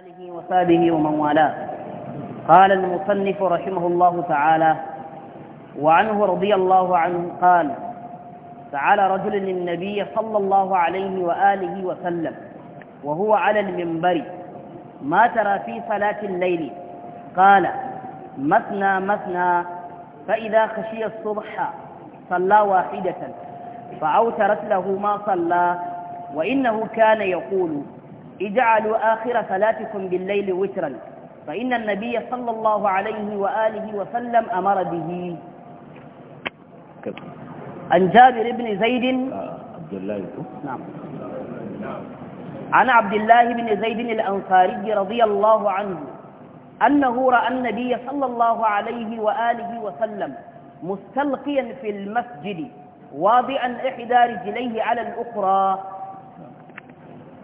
آله وصحبه ومن والاه قال المصنف رحمه الله تعالى وعنه رضي الله عنه قال فعلى رجل للنبي صلى الله عليه وآله وسلم وهو على المنبر ما ترى في صلاة الليل قال مثنى مثنى فإذا خشي الصبح صلى واحدة فأوترت له ما صلى وإنه كان يقول اجعلوا آخر صلاتكم بالليل وترا فإن النبي صلى الله عليه وآله وسلم أمر به عن جابر بن زيد آه، عبد الله نعم عن عبد الله بن زيد الأنصاري رضي الله عنه أنه رأى النبي صلى الله عليه وآله وسلم مستلقيا في المسجد واضعا إحدى رجليه على الأخرى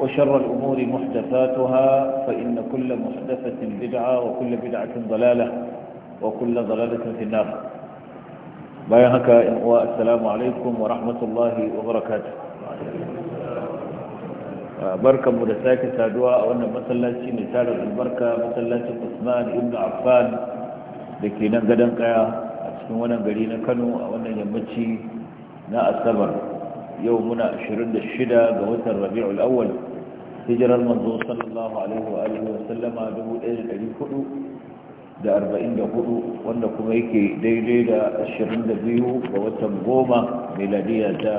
وشر الأمور محدثاتها فإن كل محدثة بدعة وكل بدعة ضلالة وكل ضلالة في النار بايهك السلام عليكم ورحمة الله وبركاته بركة مدساكة سادواء وأن مسلاتي مثال البركة مسلاتي عثمان ابن عفان لكي ننقدن قيا أسكن وننقلين كانوا وأن يمتشي ناء السبر يومنا 26 الشدى بوثر ربيع الأول هجر المنظور صلى الله عليه وآله وسلم عنه إذن أجيكو دا أربعين دا قدو وأنكم أيكي دي دي دا الشرين دا بيو ووتم غومة ميلادية دا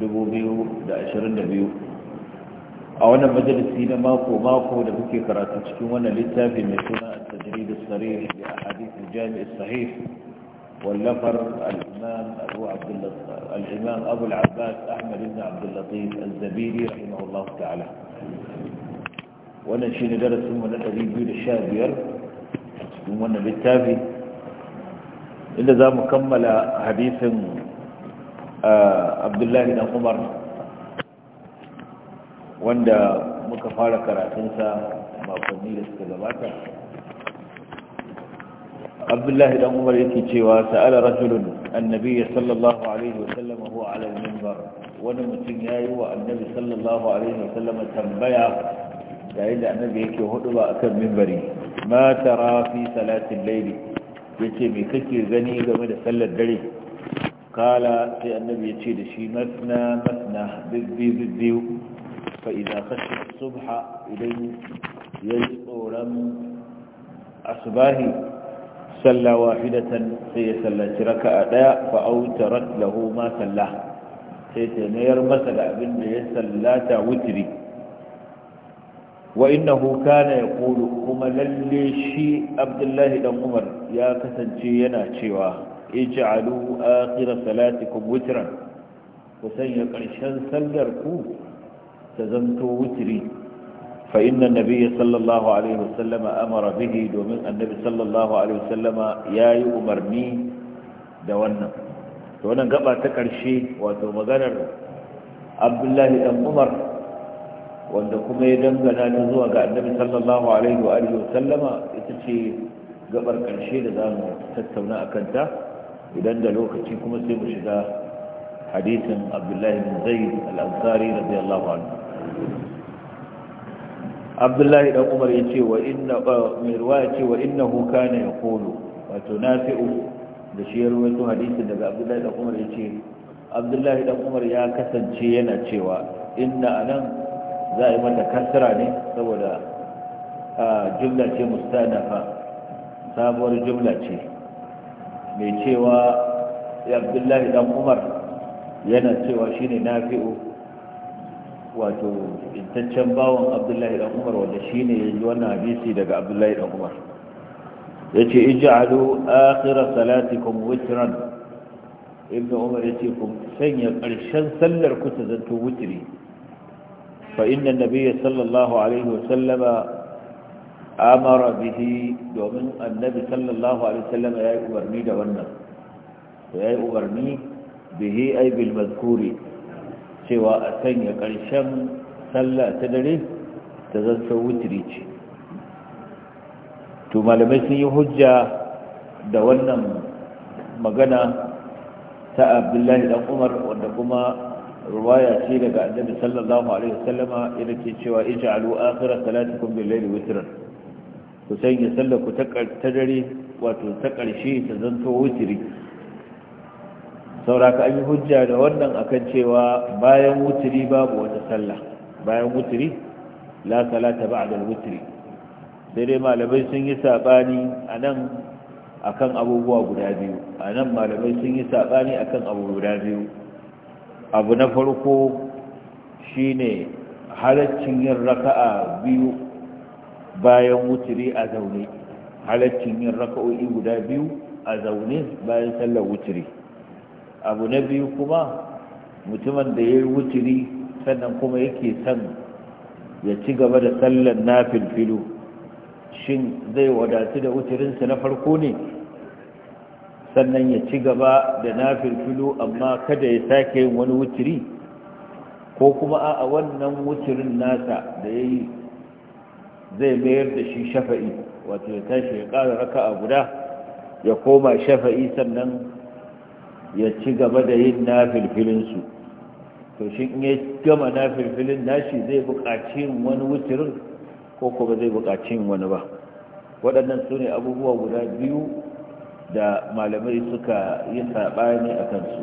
دبو بيو دا الشرين دا بيو أولا مجلسين ماكو ماكو لبكي بكي وانا لتا في مثلنا التجريد الصريح لأحاديث الجامع الصحيح واللفر الإمام أبو عبد الله الإمام أبو العباس أحمد بن عبد اللطيف الزبيري رحمه الله تعالى wannan shi ne darasinmu na 215 a cikin wannan littafi inda za mu kammala hadisin abdullahi dan umar wanda muka fara karatunsa makonni da suka gabata abdullahi dan umar yake cewa sa'ala rajulun annabi sallallahu alaihi wa wasallam huwa ala al-minbar wani mutum yayi wa annabi sallallahu alaihi wa wasallam tambaya yayin da annabi yake hudu ba akan mimbari ma tara fi salatin layli yace me kake gani game da sallar dare kala sai annabi yace da shi masna masna bibbi bibbi fa idza khashiya subha idan yayi tsoran asbahi salla wahidatan sai ya sallaci raka'a daya fa autarat lahu ma sallah sai ta mayar masa da abin da ya sallata wutri wa innahu kana yaqulu kuma lalle shi abdullahi dan umar ya kasance yana cewa ij'alu akhir salatikum witran ku sanya karshen sallar ku ta zanto witri fa inna nabiyya sallallahu alaihi wasallama amara bihi domin annabi sallallahu alaihi wasallama yayi umarni da wannan to wannan gaba ta karshe wato maganar abdullahi dan umar wanda kuma ya dangana ta zuwa ga annabi sallallahu alaihi wa alihi sallama ita ce gabar karshe da za mu tattauna a kanta idan da lokaci kuma sai mu shiga hadisin abdullahi bin zaid al-ansari radiyallahu anhu abdullahi dan umar ya ce wa inna uh, mai riwaya ce wa innahu kana yaqulu wato nafi'u da shi ya rawaito hadisin daga abdullahi dan umar ya ce abdullahi dan umar ya kasance yana cewa inna anan za a yi mata kasra ne saboda jumla ce mustanafa sabuwar jumla ce mai cewa abdullahi dan umar yana cewa shine nafi'u wato intaccen bawan abdullahi dan umar wanda shine yayi wannan hadisi daga abdullahi dan umar yace ij'alu salati kuma witran ibnu umar yace ku sanya karshen sallar kusa ta zanto witri فإن النبي صلى الله عليه وسلم أمر به ومن النبي صلى الله عليه وسلم يا أبرني دونا يا أبرني به أي بالمذكور سوى أتن يقرشم صلى تدري تزنسو وتريج ثم لم يسني حجة دونا مغنى ta abdullahi dan umar wanda kuma ruwaya ce daga annabi sallallahu alaihi wasallama yana ke cewa ij'alu akhira salatikum bil layli witran ku sanya sallar ku ta dare wato ta karshe ta zanto witri sauraka an yi hujja da wannan akan cewa bayan witri babu wata sallah bayan witri la salata ba'da al-witri sai dai malamai sun yi sabani anan akan abubuwa guda biyu anan malamai sun yi sabani akan abu guda biyu abu na farko shi ne halaccin yin raka'a biyu bayan wuturi a zaune halaccin yin raka'o'i guda biyu a zaune bayan sallar wuturi abu na biyu kuma mutumin da ya yi wuturi sannan kuma yake son ya ci gaba da sallar na filfilo shin zai wadatu da wuturinsa na farko ne sannan ya ci gaba da nafilfilu amma kada ya sake yin wani wuturi ko kuma a wannan wuturin nasa da ya yi zai mayar da shi shafa'i wato ya tashi ya ƙara raka a guda ya koma shafa'i sannan ya ci gaba da yin su to shi in ya gama nafilfilin nashi zai buƙaci yin wani wuturin ko kuma zai buƙaci yin wani ba waɗannan su ne abubuwa guda biyu da malamai suka yi saɓani a kansu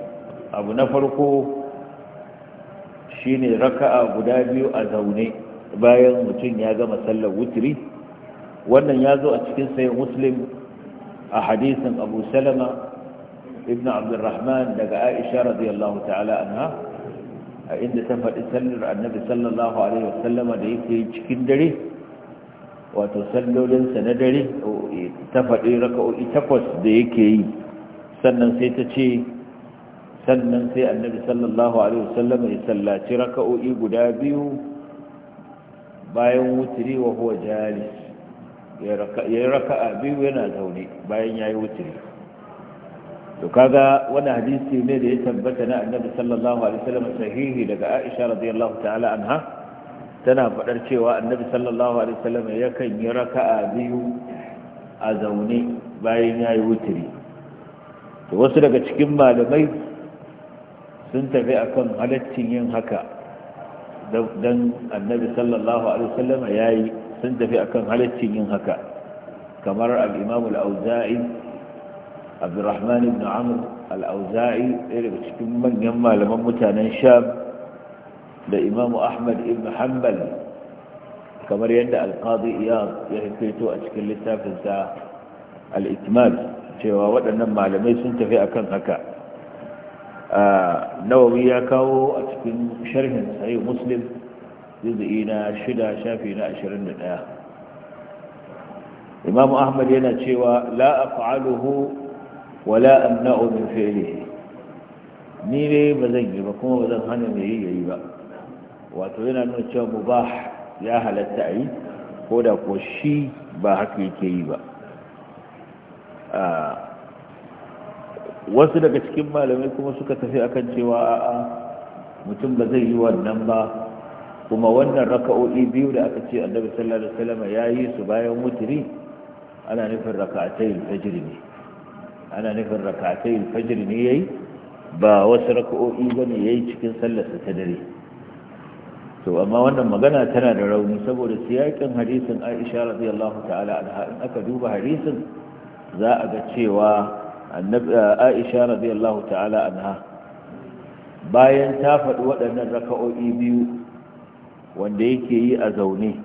abu na farko shine raka'a guda biyu a zaune bayan mutum ya gama sallar wutiri wannan ya zo a cikin sayin muslim a hadisin abu salama ibn abdurrahman daga aisha radiyallahu ta'ala anha a inda ta faɗi sallar annabi sallallahu alaihi wasallama da yake cikin dare wato sallolinsa na dare ta faɗi raka'o'i takwas da yake yi sannan sai ta ce sannan sai annabi sallallahu alaihi wasallam ya sallaci raka'o'i guda biyu bayan wutiri wa huwa jalis ya yi raka'a biyu yana zaune bayan ya yi wutiri to kaga wani hadisi ne da ya tabbata na annabi sallallahu alaihi wasallam sahihi daga aisha radiyallahu ta'ala anha tana faɗar cewa annabi sallallahu alaihi wasallam yakan yi raka'a biyu a zaune bayan ya yi wuturi to wasu daga cikin malamai sun tafi akan halittin yin haka don annabi sallallahu alaihi wasallam ya yi sun tafi akan halittin yin haka kamar al-imam al-auza'i abdurrahman ibn amr al-auza'i daga cikin manyan malaman mutanen sham da imamu ahmad ibn hanbal kamar yadda alkazi iyaz ya hikaito a cikin littafinsa al'ikmal cewa waɗannan malamai sun tafi akan haka nawawi ya kawo a cikin sharhin sayi muslim juzi'i na shida shafi na ashirin da ɗaya imamu ahmad yana cewa la af'aluhu wa la amna'u min fi'lihi ni ne ba zan yi ba kuma ba zan hana mai yayi ba wato yana nuna cewa mubah ya halatta a yi ko da ko shi ba haka yake yi ba wasu daga cikin malamai kuma suka tafi akan cewa a'a mutum ba zai yi wannan ba kuma wannan raka'o'i biyu da aka ce annabi sallallahu alaihi wasallam ya yi su bayan mutiri ana nufin raka'atai fajr ne ana nufin raka'atai fajr ne yayi ba wasu raka'o'i bane yayi cikin sallar ta dare to amma wannan magana tana da rauni saboda siyakin hadisin Aisha radiyallahu ta'ala in aka duba hadisin za a ga cewa Aisha radiyallahu ta'ala anha bayan ta faɗi waɗannan raka'o'i biyu wanda yake yi a zaune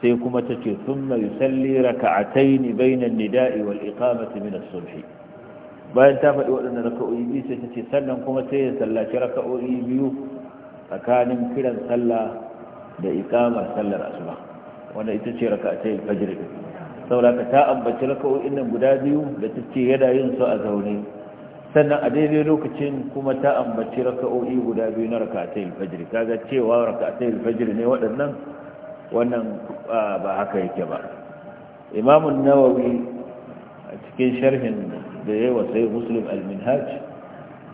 sai kuma ta ce sun thumma yusalli raka'atayn bayna an-nida'i wal iqamati min as-subh bayan ta faɗi waɗannan raka'o'i biyu sai ta ce sannan kuma sai ya sallaci raka'o'i biyu tsakanin kiran sallah da iqamar sallar asuba wanda ita ce raka'atai fajr saboda ta ambaci raka'o'in nan guda biyu da tace yana yin su a zaune sannan a daidai lokacin kuma ta ambaci raka'o'i guda biyu na raka'atai fajr kaga cewa raka'atai fajr ne waɗannan wannan ba haka yake ba imamun nawawi a cikin sharhin da yayi wa muslim al-minhaj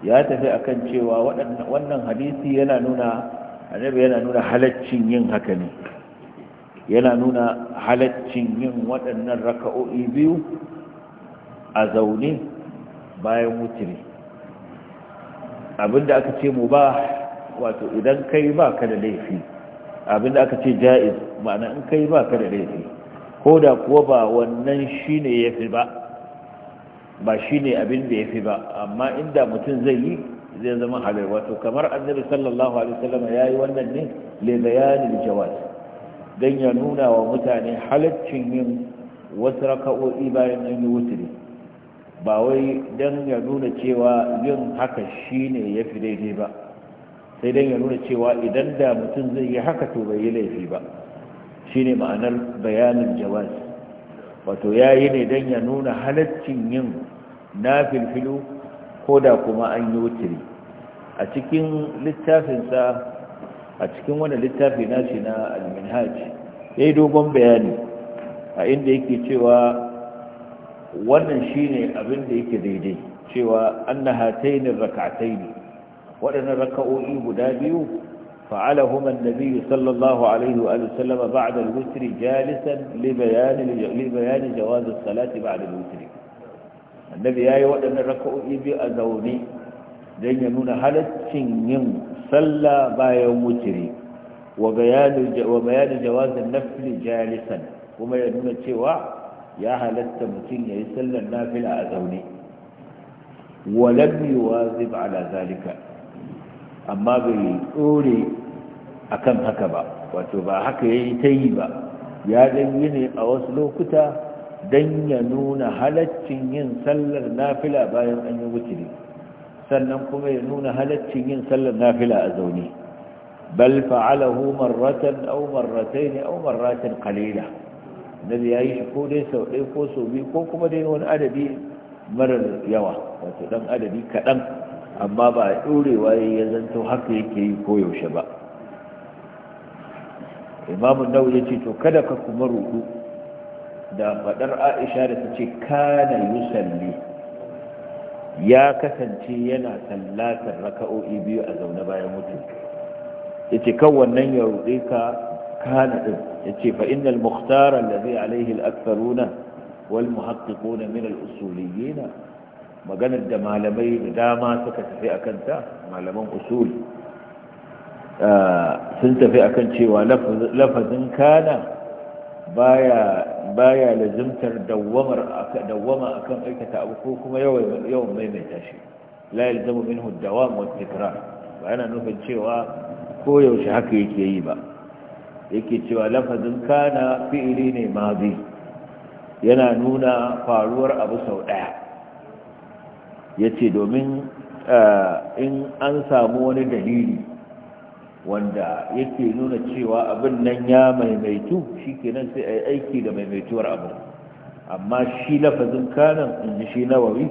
ya tafi akan cewa wannan hadisi yana nuna annabi yana nuna halaccin yin haka ne yana nuna halaccin yin waɗannan raka'o'i biyu a zaune bayan wutiri abinda aka ce mu ba wato idan kai ba ka da laifi abinda aka ce ja'iz ma'ana in kai ba ka da laifi ko da kuwa ba wannan shine yafi ba ba shi ne abin da ya fi ba amma inda mutum zai yi zai zama halal wato kamar annabi sallallahu alaihi wasallam ya yi wannan ne le bayanin jawaz don ya nuna wa mutane halaccin yin wasu raka'o'i bayan an yi wuturi ba wai don ya nuna cewa yin haka shi ne ya fi daidai ba sai don ya nuna cewa idan da mutum zai yi haka to bai yi laifi ba shi ne ma'anar bayanin jawaz wato ya yi ne don ya nuna halaccin yin na filfilo ko da kuma an yi wuturi a cikin littafinsa a cikin wani littafi nashi na alminhaj ya yi dogon bayani a inda yake cewa wannan shine abin da yake daidai cewa an na hatainin raka'atai ne waɗannan raka'o'i guda biyu فعلهما النبي صلى الله عليه وآله وسلم بعد الوتر جالسا لبيان, لبيان جواز الصلاة بعد الوتر النبي يا يوأن الركوع يبي أزوني لن ينون هلت ين صلى بايوم وتري وبيان, وبيان جواز النفل جالسا وما ينون تشوى يا هلت متين يسلى النافل أزوني ولم يواظب على ذلك amma bai tsore akan haka ba wato ba haka ya yi ta yi ba ya dan yi ne a wasu lokuta don ya nuna halaccin yin sallar nafila bayan an yi wuturi sannan kuma ya nuna halaccin yin sallar nafila a zaune bal fa'alahu marratan aw marratayn aw marratan qalila nabi yayi shi ko dai sau ɗaya ko sau biyu ko kuma dai wani adadi marar yawa wato dan adadi kaɗan amma ba ɗorewa ya zanto haka yake yi koyaushe ba Imamin nau ya ce to kada ka kuma rudu da faɗar aisha da ta ce kana yusalli ya kasance yana sallatar raka'o'i biyu a zaune bayan mutu. ya ce kan wannan ya rude ka kana ɗin ya ce fa innal muhtarar da zai alaihi al'aksaruna wal muhaƙiƙuna min al'usuliyina maganar da malamai da dama suka tafi a kanta malaman usuli sun tafi akan cewa lafazin kana baya baya lazimtar dawwamar dawwama akan aikata abu ko kuma yawan yawan maimaita shi la yalzamu minhu dawam wa tikrar ba yana nufin cewa ko yaushe haka yake yi ba yake cewa lafazin kana fi'ili ne mazi yana nuna faruwar abu sau daya yace domin in an samu wani dalili wanda yake nuna cewa abin nan ya maimaitu shikenan sai a yi aiki da maimaituwar abu amma shi lafazin kanan inji shi nawawi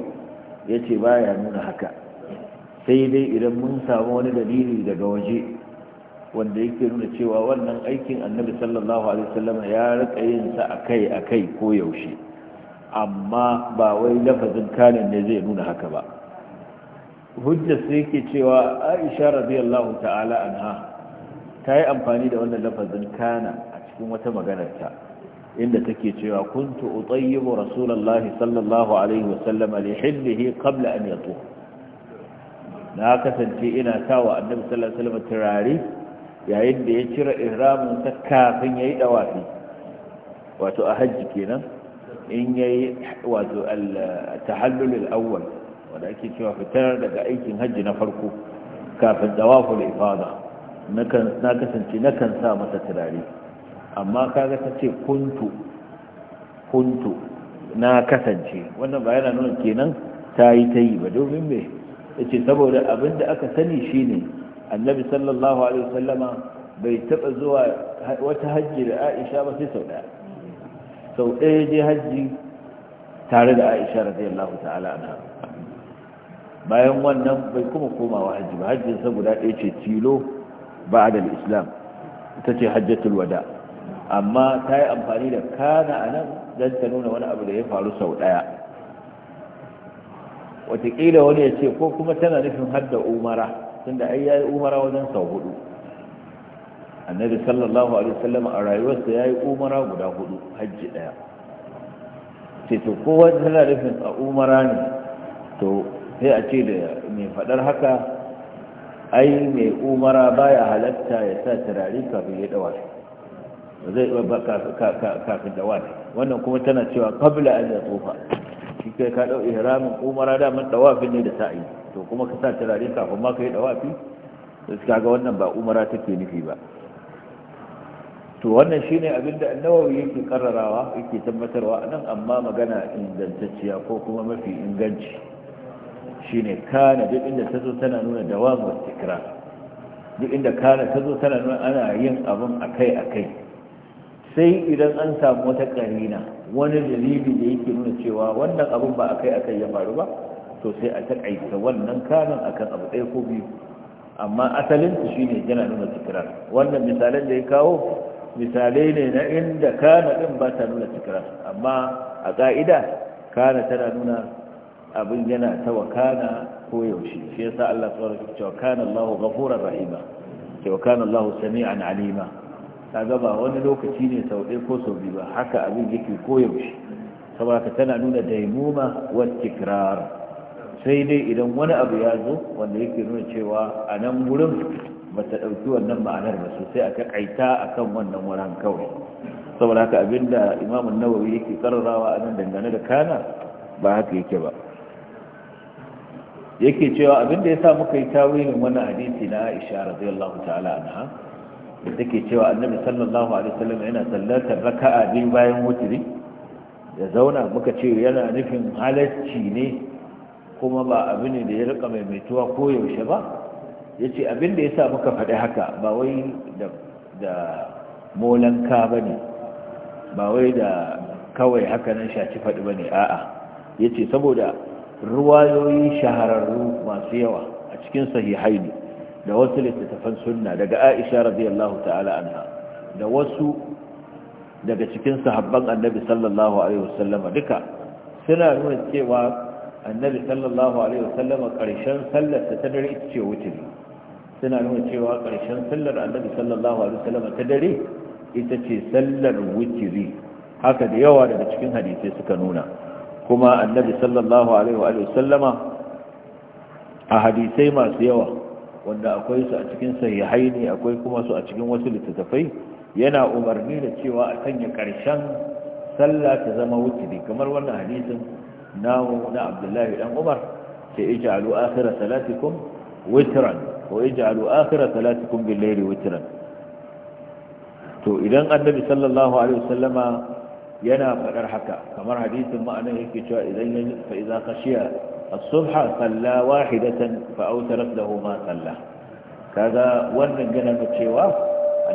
ya ce ba ya nuna haka sai dai idan mun samu wani dalili daga waje wanda yake nuna cewa wannan aikin annabi sallallahu alaihi wasallam ya rika yin sa akai akai ko yaushe amma ba wai lafazin kanan ne zai nuna haka ba hujjar sai yake cewa aisha radiyallahu ta'ala anha ta yi amfani da wannan lafazin kana a cikin wata maganarta inda take cewa kuntu utayyibu rasulullahi sallallahu alaihi wasallam li hillihi qabla an yatu na kasance ina tawa annabi sallallahu alaihi wasallam turare yayin da ya cire ihramin sa kafin yayi dawafi wato a hajji kenan in yayi wato al-tahallul al-awwal wanda ake cewa fitar daga aikin hajji na farko kafin dawaful ifada na kasance na kan sa masa turare amma kaga ta ce kuntu kuntu na kasance wannan ba yana nuna kenan ta yi ta yi ba domin me ce saboda abin da aka sani shine annabi sallallahu alaihi wasallama bai taba zuwa wata hajji da Aisha ba sai sau ɗaya sau daya je hajji tare da Aisha radiyallahu ta'ala anha bayan wannan bai kuma komawa hajji ba hajjin sa guda ɗaya ce tilo ba'da al-islam ita ce hajjatul wada amma ta yi amfani da kana nan dan ta nuna wani abu da ya faru sau ɗaya. Watakila wani ya ce ko kuma tana nufin hadda umara tunda ai yayi umara wajen sau hudu annabi sallallahu alaihi wasallam a rayuwarsa yayi umara guda hudu hajji daya ce to kowa tana nufin a umara ne to sai a ce da mai faɗar haka ai mai umara baya halatta ya sa turare kafin ya dawa ba zai ba kafin dawa wannan kuma tana cewa kabla an ya tsofa shi kai ka dau ihramin umara da man dawafin ne da sa'i to kuma ka sa turare kafin ma ka yi dawafi sai kaga wannan ba umara take nufi ba to wannan shine abinda annawawi yake karrarawa yake tabbatarwa anan amma magana ingantacciya ko kuma mafi inganci Shi ne kana duk inda ta zo tana nuna dawam wa tikira duk inda kana ta zo tana nuna ana yin abin akai akai sai idan an samu wata karina wani dalili da yake nuna cewa wannan abin ba akai akai ya faru ba to sai a takaita wannan kanan akan abu ɗaya ko biyu amma asalin su shine yana nuna tikira wannan misalan da ya kawo misalai ne na inda kana din ba ta nuna tikira amma a ka'ida kana tana nuna abin yana ta wakana ko yaushe shi yasa Allah subhanahu wa ta'ala kana Allahu ghafurar rahima wakana wa Allahu sami'an alima kaga ba wani lokaci ne sau ɗaya ko sau biyu ba haka abin yake ko yaushe saboda tana nuna daimuma wa tikrar sai dai idan wani abu ya zo wanda yake nuna cewa a nan gurin ba ta ɗauki wannan ma'anar ba sosai a a akan wannan wurin kawai saboda haka abinda imamun nawawi yake karrawa a nan dangane da kana ba haka yake ba yake cewa abinda da ya sa muka yi tawilin wani hadisi na Aisha radiyallahu ta'ala anha da take cewa annabi sallallahu alaihi wasallam yana sallatar raka'a biyu bayan wutiri ya zauna muka ce yana nufin halacci ne kuma ba abin da ya rika maimaituwa ko yaushe ba yace ce abin da ya sa muka faɗi haka ba wai da molanka ba ne ba wai da kawai haka nan shaci faɗi ba ne a'a yace saboda ruwayoyi shahararru masu yawa a cikin sahihaini da wasu littattafan sunna daga aisha radiyallahu ta'ala anha da wasu daga cikin sahabban annabi sallallahu alaihi wasallama duka suna nuna cewa annabi sallallahu alaihi wasallama karshen sallar ta ta dare ita ce wuturi suna nuna cewa karshen sallar annabi sallallahu alaihi wasallama ta dare ita ce sallar wuturi haka da yawa daga cikin hadisai suka nuna kuma annabi sallallahu alaihi wa sallama a hadisai masu yawa wanda akwai su a cikin sahihai ne akwai kuma su a cikin wasu littattafai yana umarni da cewa a sanya ƙarshen sallah ta zama wuturi kamar wannan hadisin namu na abdullahi dan umar ce ij'alu akhira salatikum witran ko ij'alu akhira salatikum bil-layli witran to idan annabi sallallahu alaihi wa wasallama yana faɗar haka kamar hadisin ma'anar yake cewa idan ya fa idza kashiya. as-subha salla wahidatan fa awtarat lahu ma salla kaga wannan gana ga cewa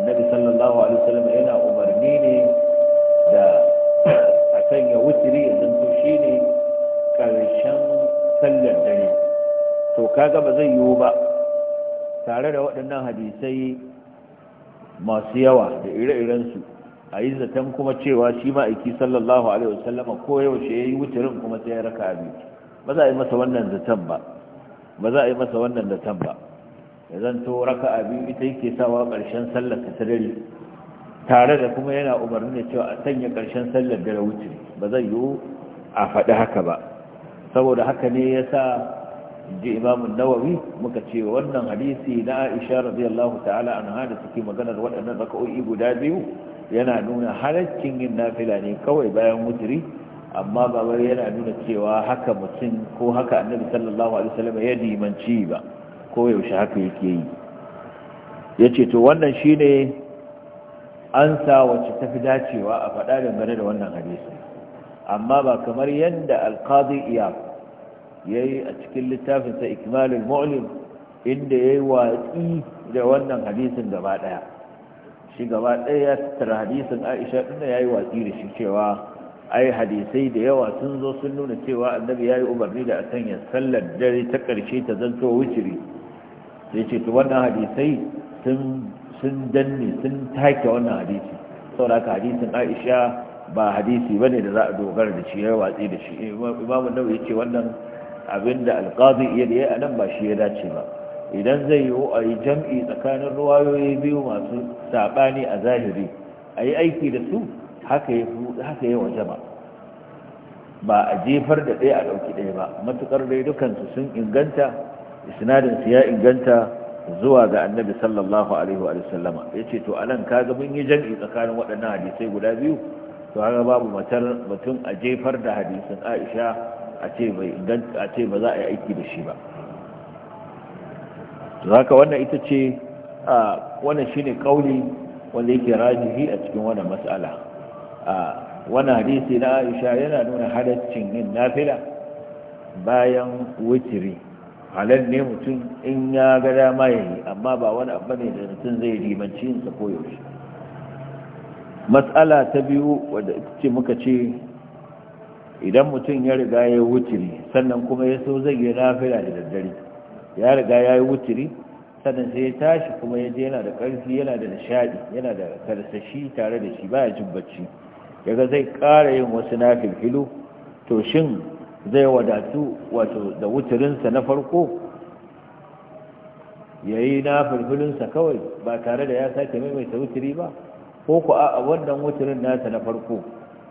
annabi sallallahu alaihi wasallam yana umarni ne da a sanya wutiri ya zanto shine karshen sallar dare to kaga ba zai yiwu ba tare da waɗannan hadisai masu yawa da ire-irensu a yi zaton kuma cewa shi ma'aiki sallallahu alaihi wasallama ko yaushe ya yi wuturin kuma sai ya raka abinci. ba za a yi masa wannan zaton ba ba za a yi masa wannan zaton ba ya zanto raka abin ita yake sawa ƙarshen sallar ta tare da kuma yana umarni da cewa a sanya ƙarshen sallar dare wuce ba zan yiwu a faɗi haka ba saboda haka ne ya sa ji imamun nawawi muka ce wannan hadisi na aisha radiyallahu ta'ala an da suke maganar waɗannan raka'o'i guda biyu yana nuna halaccin yin nafila ne kawai bayan wuturi amma ba yana nuna cewa haka mutum ko haka annabi sallallahu alaihi wasallam ya dimanci ba ko yaushe haka yake yi yace to wannan shine an sa wacce tafi dacewa a faɗa dangane da wannan hadisi amma ba kamar yadda alqadi iyaku yayi a cikin littafin ikimalin ikmalul mu'lim inda yayi watsi da wannan hadisin gaba daya shi gaba ɗaya ya tattara hadisin Aisha din ya yayi watsi da shi cewa ai hadisai da yawa sun zo sun nuna cewa annabi yi umarni da a sanya sallar dare ta karshe ta zanto wutiri sai ce to wannan hadisai sun danne sun take wannan hadisi saboda hadisin Aisha ba hadisi bane da za a dogara da shi yayi watsi da shi imamu nawawi ya ce wannan abinda alqazi iya da a nan ba shi ya dace ba idan zai yiwu a yi jam'i tsakanin ruwayoyi biyu masu saɓani a zahiri a yi aiki da su haka yi waje ba ba a jefar da ɗaya a ɗauki ɗaya ba matuƙar dai dukansu sun inganta isnadinsu ya inganta zuwa ga annabi sallallahu alaihi wa sallama ya ce to anan kaga mun yi jam'i tsakanin waɗannan hadisai guda biyu to haka babu matar mutum a jefar da hadisin aisha a ce ba za a yi aiki da shi ba Za ka wannan ita ce a wannan shi ne kauli wanda yake rajihi a cikin wannan matsala a wannan hadisi na Aisha yana nuna halaccin yin nafila bayan wuturi halar ne mutum in ya ga dama yayi amma ba wani abu ne da mutum zai ribanci yin sa koyaushe mas'ala ta biyu wadda ita ce muka ce idan mutum ya riga ya yi wuturi sannan kuma ya so zai yi nafila da daddare ya riga ya yi wuturi sannan sai ya tashi kuma ya je yana da ƙarfi yana da nishaɗi yana da karsashi tare da shi baya jin bacci yaga zai ƙara yin wasu filfilo to shin zai wadatu wato da wuturinsa na farko ya yi nafilfilinsa kawai ba tare da ya sake maimaita wuturi ba ko ku a wannan wuturin nasa na farko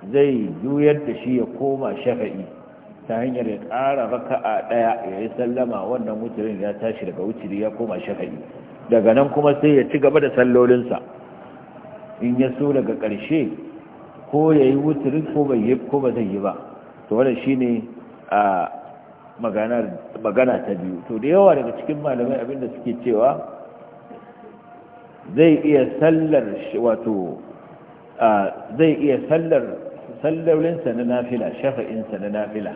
zai juyar da shi ya koma shafa'i ta hanyar ya ƙara raka'a ɗaya ya yi sallama wannan mutumin ya tashi daga wutiri ya koma shafa'i daga nan kuma sai ya ci gaba da sallolinsa in ya so daga ƙarshe ko ya yi wutirin ko bai yi ko ba zai yi ba to wannan shine a magana ta biyu to da yawa daga cikin malamai abinda suke cewa zai iya sallar wato zai iya sallar sallaulinsa na nafila shafa'insa na nafila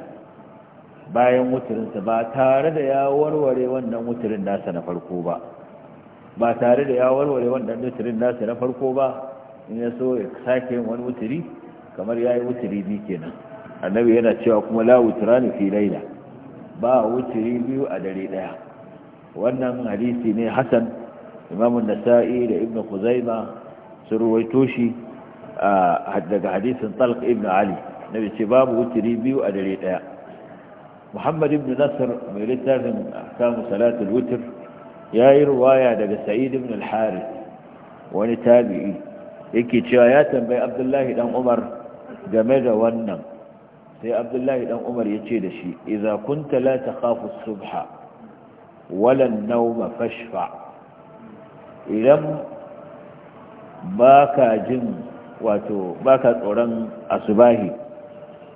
bayan wuturinsa ba tare da ya warware wannan wuturin nasa na farko ba ba tare da ya warware wannan wuturin nasa na farko ba in ya so ya sake wani wuturi kamar ya yi wuturi biyu kenan annabi yana cewa kuma la wutura ne fi laila ba wuturi biyu a dare ɗaya. wannan hadisi ne hasan imamun nasa'i da ibn kuzaima sun ruwaito shi daga hadisin talq ibn ali nabi ce babu wutiri biyu a dare daya muhammad ibn nasr mai littafin ahkamu salatul wutr yayi ruwaya daga sa'id ibn al-harith wani tabi'i yake cewa ya tambayi abdullahi dan umar game da wannan sai abdullahi dan umar ya ce da shi idza kunta la takhafu subha wala an-nawma fashfa idan ba ka jin wato ka tsoron asubahi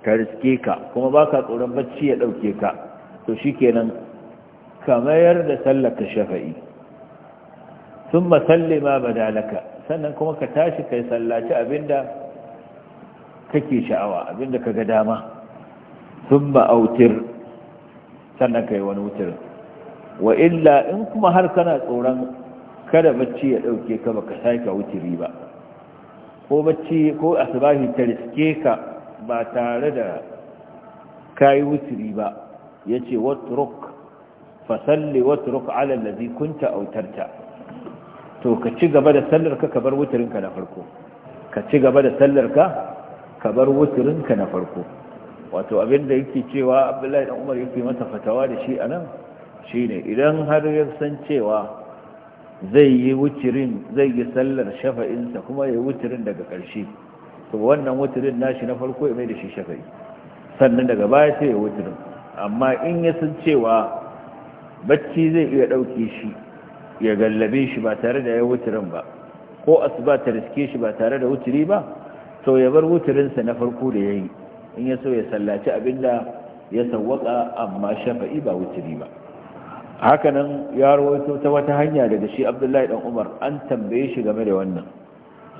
ka riske ka kuma baka tsoron bacci ya ɗauke ka to ka kamayar da sallaka shafa'i thumma sallima badalaka sannan kuma ka tashi kai sallaci abinda kake sha'awa abinda ga dama thumma autir sannan yi wani wutir wa illa in kuma har kana tsoron kada bacci ya ɗauke ka baka sake wutiri ba ko bacci ko asibahi ta riske ka ba tare da kayi wuturi ba ya ce watruk fasalli watruk alallazi kunta autarta to ka ci gaba da sallarka ka bar wuturinka na farko ka ci gaba da sallarka ka bar wuturinka na farko wato abinda yake cewa abdullahi dan umar yake mata fatawa da shi anan shine idan har ya san cewa zai yi wucirin zai yi sallar shafa'insa kuma ya yi wucirin daga ƙarshe to wannan wucirin nashi na farko ya mai da shi shafa'i sannan daga baya sai ya wucirin amma in ya san cewa bacci zai iya ɗauke shi ya gallabe shi ba tare da ya wucirin ba ko asuba ta riske shi ba tare da wutiri ba to ya bar wutirinsa na farko da ya yi in ya so ya sallaci abin da ya sawwaka amma shafa'i ba wutiri ba hakanan ya rawaito ta wata hanya daga shi abdullahi dan umar an tambaye shi game da wannan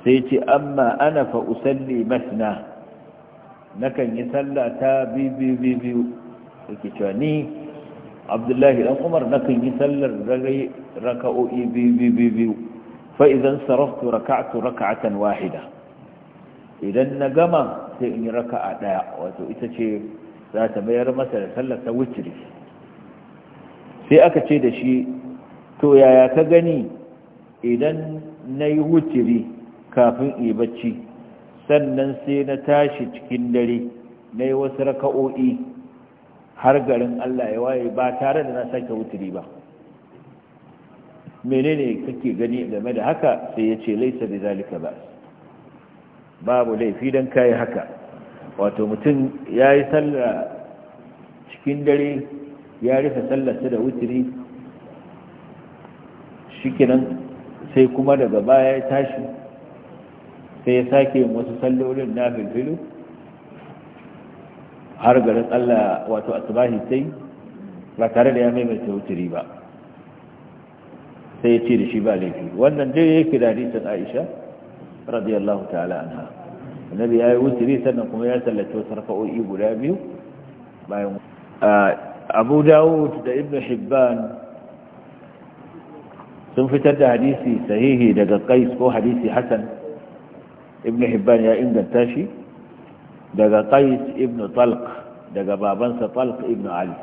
sai ce amma ana fa usalli masna nakan yi sallah ta biyu yake cewa ni abdullahi dan umar nakan yi sallar ragai raka'o'i biyu fa idan saraftu raka'atu raka'atan wahida idan na gama sai in yi raka'a daya wato ita ce za ta mayar masa da sallar ta witri sai aka ce da shi to yaya ka gani idan na yi wuturi kafin yi bacci sannan sai na tashi cikin dare na yi wasu raka'o'i har garin Allah ya waye ba tare da na sake wuturi ba menene kake gani game da haka sai ya ce laisa da zalika ba babu laifi don kayi haka wato mutum ya yi sallah cikin dare ya rufe sallarsa da wuturi shikenan sai kuma daga baya ya tashi sai ya sake wasu sallolin na filfilu har garin Allah wato asibahi sai ba tare da ya maimaita wuturi ba sai ya ce da shi ba laifi wannan dai ya da hadisin Aisha radiyallahu ta'ala anha annabi ya yi wuturi sannan kuma ya sallace wasu rafa'o'i guda biyu bayan abu dawud da ibn hibban sun fitar da hadisi sahihi daga qais ko hadisi hasan ibn hibban ya inganta shi daga qais ibn talq daga babansa talq ibn ali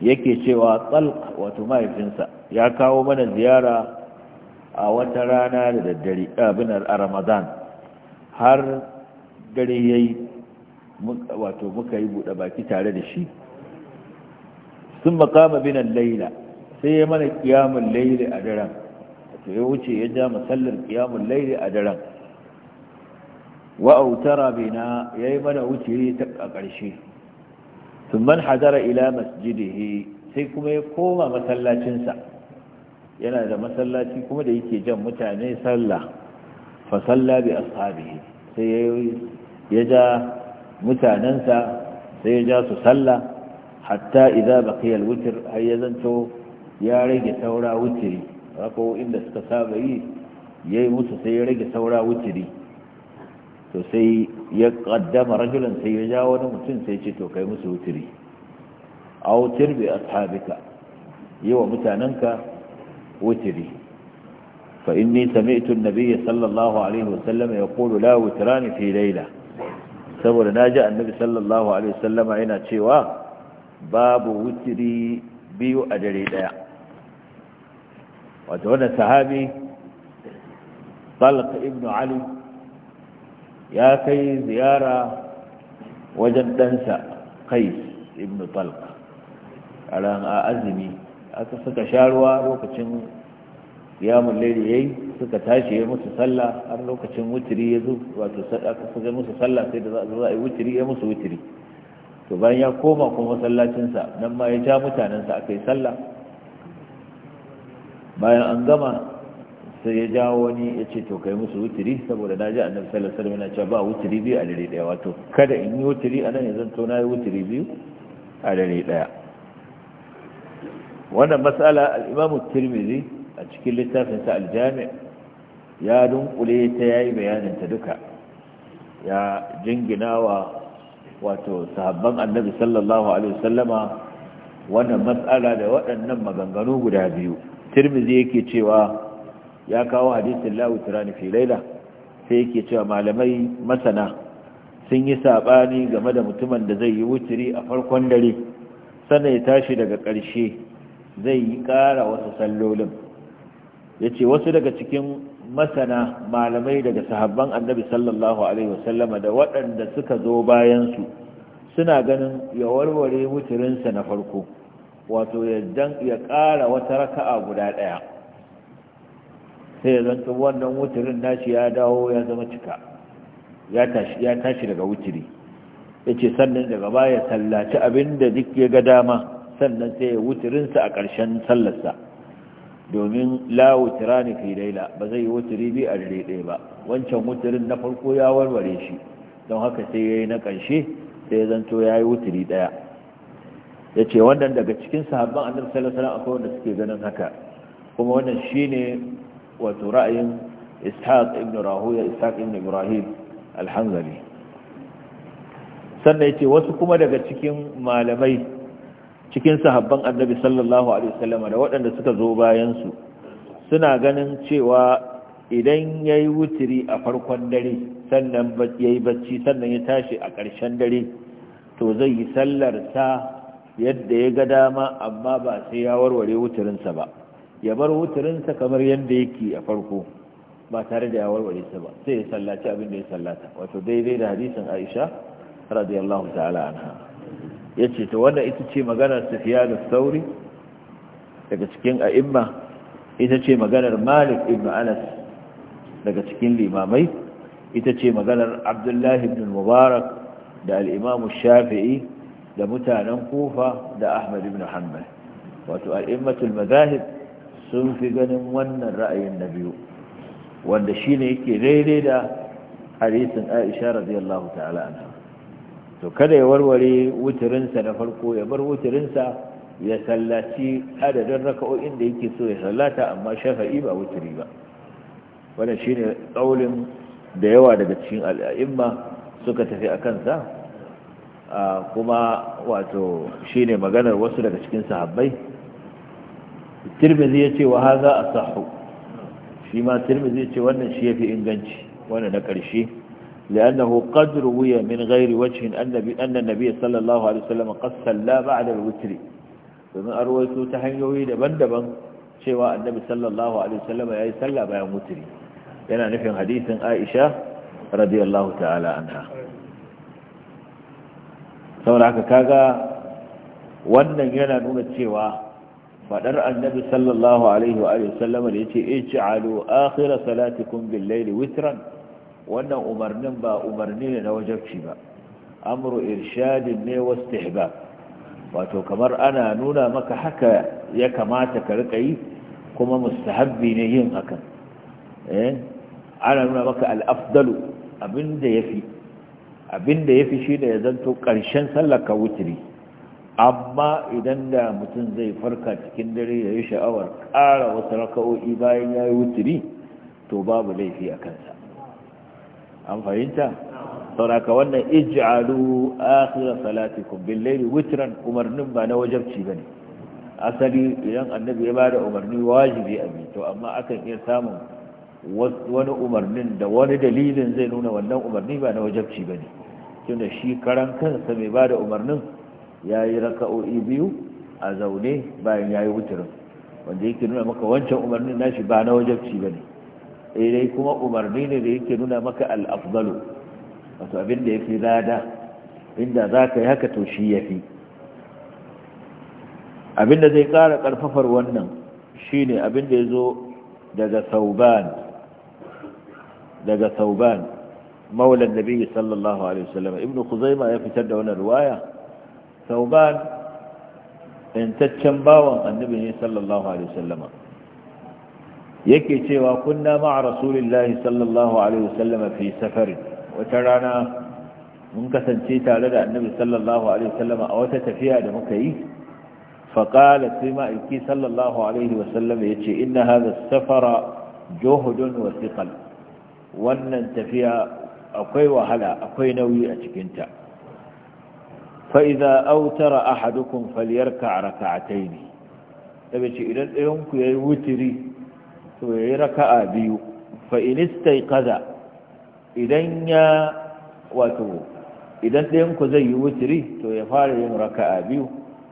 yake cewa talq wato mahaifinsa ya kawo mana ziyara a wata rana da daddare abinar a ramadan har dare yayi wato muka yi buɗe baki tare da shi sun makama binan laila sai ya mana kiyamun laili a daren to ya wuce ya ja masallar kiyamun laili a daren wa'autara bina ya yi mana wuce a ƙarshe sun man hadara ila masjidihi sai kuma ya koma masallacinsa yana da masallaci kuma da yake jan mutane sallah fa salla bi ashabihi sai ya ja mutanensa sai ya ja su sallah hatta idza baqiya al har ya zanto ya rage saura wutiri rako inda suka saba yi yayi musu sai ya rage saura wutiri to sai ya kaddama rajulan sai ya ja wani mutum sai ce to kai musu wutiri aw tirbi ashabika yi wa mutananka wutiri fa inni sami'tu an-nabiy sallallahu alaihi wasallam yaqulu la witrani fi layla saboda naji annabi sallallahu alaihi wasallama yana cewa babu wutiri biyu a dare daya wato wannan sahabi talq ibn ali ya kai ziyara wajen ɗansa kai ibn talq a ran azumi aka suka sharuwa lokacin yamun laili yayi suka tashi ya musu sallah har lokacin wutiri ya zo wato aka suka musu sallah sai da za a yi wutiri ya musu wutiri to bayan ya koma kuma masallacinsa nan ma ya ja mutanensa aka yi sallah bayan an gama sai ya jawo wani ya ce to kai musu wuturi, saboda na ji annabi sallallahu alaihi wasallam yana ba wuturi biyu a dare daya wato kada in yi wutiri nan ya zanto na yi wuturi biyu a dare daya wannan matsala al-Imam Tirmidhi a cikin littafin sa al ya dunkule ta yayi bayanin ta duka ya jingina wa wato sahabban annabi sallallahu alaihi wasallama wannan matsala da waɗannan maganganu guda biyu tirmizi yake cewa ya kawo hadisin lawu turani fi laila sai yake cewa malamai masana sun yi saɓani game da mutumin da zai yi wuturi a farkon dare sannan ya tashi daga ƙarshe zai yi ƙara wasu sallolin ya ce wasu daga cikin masana malamai daga sahabban annabi sallallahu alaihi wasallama da waɗanda suka zo bayansu suna ganin ya warware muturinsa na farko wato ya ƙara wata raka'a guda ɗaya sai ya zanta wannan wuturin nashi ya dawo ya zama cika ya tashi daga wuturi yace ce sannan daga baya sallaci abin da duk ya ga dama sannan sai ya wuturinsa a ƙarshen sallarsa domin la wutirani fi laila ba zai yi wuturi bi a dare daya ba wancan wuturin na farko ya warware shi don haka sai yayi na ƙarshe sai ya zanto yayi wuturi ɗaya yace wannan daga cikin sahabban annabi sallallahu alaihi wasallam akwai wanda suke ganin haka kuma wannan shine wato ra'ayin Ishaq ibn Rahuya Ishaq ibn Ibrahim al sannan yace wasu kuma daga cikin malamai cikin sahabban annabi sallallahu alaihi wasallam da waɗanda suka zo bayan su suna ganin cewa idan yayi wutiri a farkon dare sannan yayi bacci sannan ya tashi a ƙarshen dare to zai yi sallar sa yadda ya ga dama amma ba sai ya warware wutirinsa ba ya bar wutirinsa kamar yadda yake a farko ba tare da ya warware sa ba sai ya sallaci abin da ya sallata wato daidai da hadisin Aisha radiyallahu ta'ala anha ya ce ta wannan ita ce maganar da sauri daga cikin a'imma ita ce maganar malik ibn anas daga cikin limamai ita ce maganar abdullahi ibn mubarak da al'imamu shafi'i da mutanen kufa da ahmad ibn hanbal wato al'immatul mazahib sun fi ganin wannan ra'ayin na biyu wanda shi ne yake daidai da hadisin aisha radiyallahu ta'ala anha to kada ya warware wutirinsa da farko ya bar wutirinsa ya sallaci adadin raka'o'in da yake so ya sallata amma shafa'i ba wuturi ba wannan shine kaulin da yawa daga cikin al'a'imma suka tafi a kansa kuma wato shine maganar wasu daga cikin sahabbai tirmidhi yace wa a sahu shi ma tirmidhi yace wannan shi yafi inganci wannan na ƙarshe لأنه قد روي من غير وجه أن النبي صلى الله عليه وسلم قد صلى بعد الوتر فمن أرويته تحيوه دبندبا شواء النبي صلى الله عليه وسلم أي صلى بعد الوتر ينا نفهم حديث آئشة رضي الله تعالى عنها sauraka kaga wannan yana nuna cewa fadar annabi sallallahu alaihi wa sallama da yace ij'alu akhir salatikum bil-layli witran wannan umarnin ba umarni ne na wajabci ba amru irshadin ne wastihbab wato kamar ana nuna maka haka ya kamata ka rika yi kuma mustahabbi ne yin hakan eh? ana nuna maka al-afdalu abinda yafi abinda yafi shine ya zanto ƙarshen sallar ka amma idan da mutum zai farka cikin dare ya yi sha'awar ƙara wasu raka'o'i bayan ya yi wuturi to babu laifi a kansa an fahimta sauraka wannan ij'alu akhir salatikum bil layli witran umarnin ba na wajibci bane asali idan annabi ya bada umarni wajibi a to amma akan iya samun wani umarnin da wani dalilin zai nuna wannan umarni ba na wajibci bane tunda shi karan kansa mai bada umarnin yayi raka'o'i biyu a zaune bayan yayi witrin wanda yake nuna maka wancan umarnin nashi ba na wajibci bane sai dai kuma umarni ne da yake nuna maka al'afdalu wato abin da ya fi rada, inda za ka yi haka to shi ya fi abin da zai ƙara ƙarfafar wannan shi ne abin da ya zo daga sauban daga sauban maulan nabi sallallahu alaihi wasallam Ibn kuzaima ya fitar da wannan ruwaya sauban intaccen bawan annabi ne sallallahu alaihi wasallama yake cewa kunna ma'a rasulillahi sallallahu alaihi wasallam fi safarin wata rana mun kasance tare da annabi sallallahu alaihi wasallam a wata tafiya da muka yi faqala sai ma'aiki sallallahu alaihi wasallam yace inna hadha safara juhdun wa thiqal wannan tafiya akwai wahala akwai nauyi a cikin ta fa idza awtara ahadukum falyarka' rak'atayn tabi ce idan ɗayan ku yayi wutiri to yayi raka'a biyu fa in istayqaza idan ya wato idan ɗayan ku zai yi wutri to ya fara yin raka'a biyu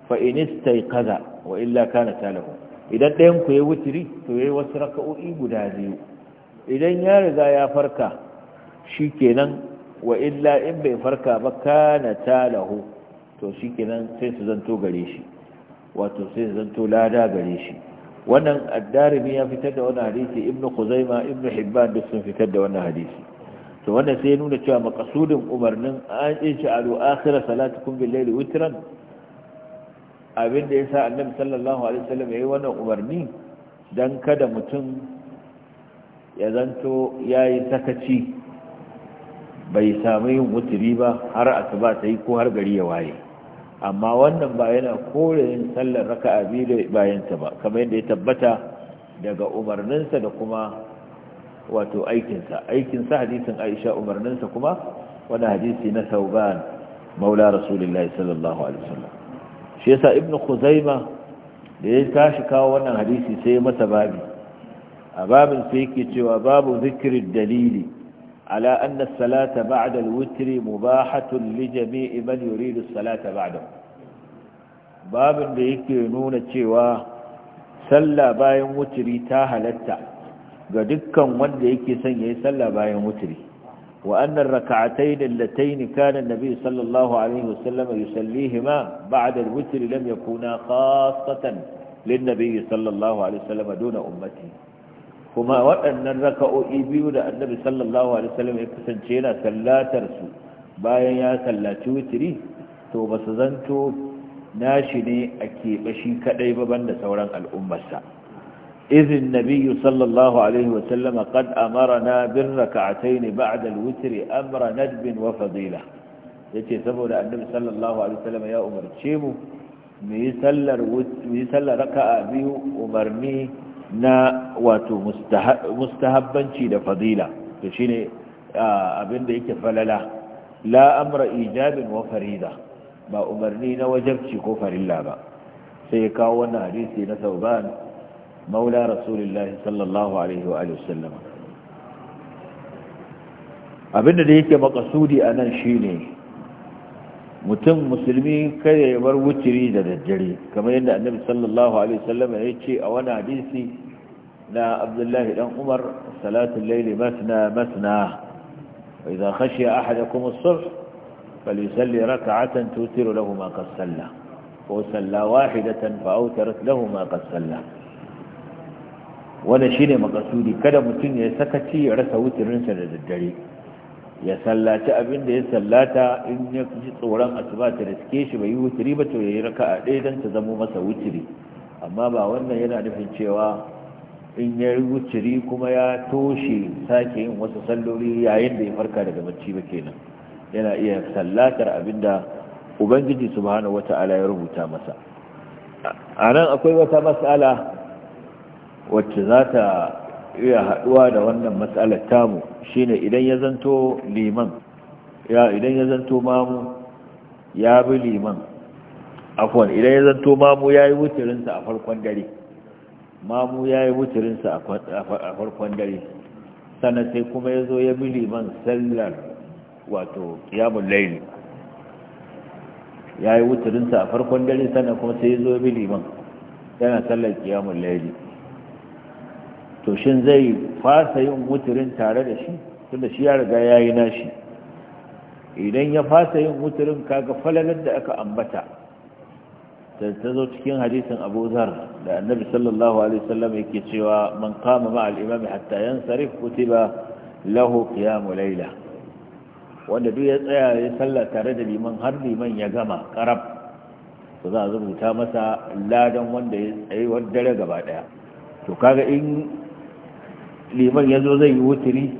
fa in istayqaza wa illa kana talahu idan ɗayan ku yayi wutri to yi wasu raka'o'i guda biyu idan ya riga ya farka shi shikenan wa illa in bai farka ba kana talahu to shi shikenan sai su zanto gare shi wato sai su zanto lada gare shi wannan addarimi ya fitar da wannan hadisi ibnu khuzaima ibnu hibban duk sun fitar da wannan hadisi to wannan sai ya nuna cewa makasudin umarnin an ce alu akhira salatukum bil layli witran abin da yasa annabi sallallahu alaihi wasallam yayi wannan umarni dan kada mutum ya zanto yayi sakaci bai samu yin wuturi ba har asuba ta yi ko har gari ya waye amma wannan ba yana kore yin raka a biyu da bayanta ba kamar yadda ya tabbata daga umarninsa da kuma wato aikinsa aikinsa hadisin aisha umarninsa kuma wani hadisi na sauban maula rasulullahi sallallahu alaihi wasallam shi yasa ibnu khuzaima da ya tashi kawo wannan hadisi sai masa babi a babin sai yake cewa babu zikirin dalili على أن الصلاة بعد الوتر مباحة لجميع من يريد الصلاة بعده باب ليك نون تشوا صلى باين وتري تاهلتا قدكا وان ليك سنيه صلى باين وتري وأن الركعتين اللتين كان النبي صلى الله عليه وسلم يصليهما بعد الوتر لم يكونا خاصة للنبي صلى الله عليه وسلم دون أمته kuma waɗannan raka'o'i biyu da annabi sallallahu alaihi wasallam ya kasance yana sallatar su bayan ya sallaci wutiri, to ba su zanto nashi ne a keɓe shi kaɗai ba da sauran al'ummarsa izin nabiyyu sallallahu alaihi amara na amarna bin raka'atayn ba'da al-witri amra nadbin wa fadila yace saboda annabi sallallahu alaihi wasallama ya umarce mu mu yi sallar raka'a biyu umarni na wato mustahabbanci da fadila to shine abinda yake falala la ijabin wa farida ba umarni na wajabci ko farilla ba sai ya kawo wannan hadisi na sauban maula rasulullah sallallahu alaihi wa alihi abinda da yake makasudi anan shine mutum musulmi kada ya bar wuciri da daddare kamar yadda annabi sallallahu alaihi wasallam ya ce a wani hadisi na abdullahi dan umar salatul layli masna masna wa idza khashiya ahadakum as-subh falyusalli rak'atan tutiru lahu ma qad salla wa salla wahidatan fa awtarat lahu ma qad salla wannan shine makasudi kada mutum ya sakaci ya rasa wutirinsa da daddare ya sallaci abin da ya sallata in ya ji tsoron asuba ta riske shi bai yi wuturi ba to raka a ɗaya don ta zamo masa wuturi amma ba wannan yana nufin cewa in ya yi wuturi kuma ya toshe sake yin wasu salloli yayin da ya farka daga bacci ba kenan yana iya sallatar abin da ubangiji subhanahu wata'ala ya rubuta masa a nan akwai wata mas'ala wacce za ta iya haduwa da wannan matsalar tamu shine idan ya zanto liman ya idan ya zanto mamu ya bi liman afwan idan ya zanto mamu ya yi wuturinsa a farkon dare mamu ya yi wutirinsa a farkon dare sannan sai kuma ya zo ya bi liman sallar wato kiyamun laili ya yi wuturinsa a farkon dare sannan kuma sai ya zo ya bi liman yana sallar kiyamun laili to shin zai fasa yin muturin tare da shi tunda shi ya riga ya yi nashi idan ya fasa yin wuturin kaga falalar da aka ambata ta ta zo cikin hadisin abu zar da annabi sallallahu alaihi wasallam yake cewa man kama ma al-imam hatta yansarif kutiba lahu qiyam layla wanda duk ya tsaya ya salla tare da liman har liman ya gama karab to za a rubuta masa ladan wanda ya tsaye dare gaba daya to kaga in liman ya zo zai yi wuturi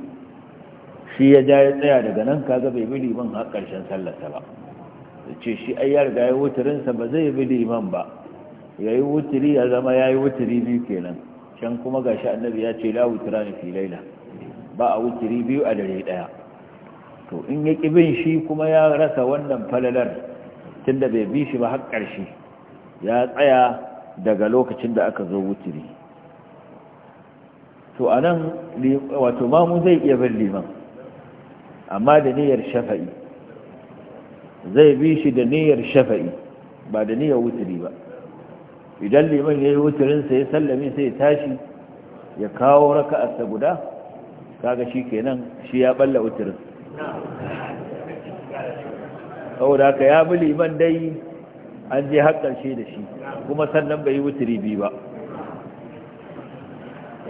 shi ya ja ya tsaya daga nan kaga bai bi liman har ƙarshen sallarsa ba ce shi ai ya riga ya wuturinsa ba zai bi liman ba ya yi wuturi ya zama ya yi wuturi biyu kenan can kuma ga shi annabi ya ce la wutura ni fi laila ba a wuturi biyu a dare ɗaya to in ya ƙi bin shi kuma ya rasa wannan falalar tunda bai bi shi ba har ƙarshe ya tsaya daga lokacin da aka zo wuturi to a nan wato mamu zai iya bin liman amma da niyyar shafa'i zai bi shi da niyyar shafa'i ba da niyyar wuturi ba idan liman ya yi wuturinsa ya sallami sai tashi ya kawo raka'arsa guda kaga shi kenan shi ya balla wuturin saboda haka ya bi liman dai an je har ƙarshe da shi kuma sannan bai yi wuturi biyu ba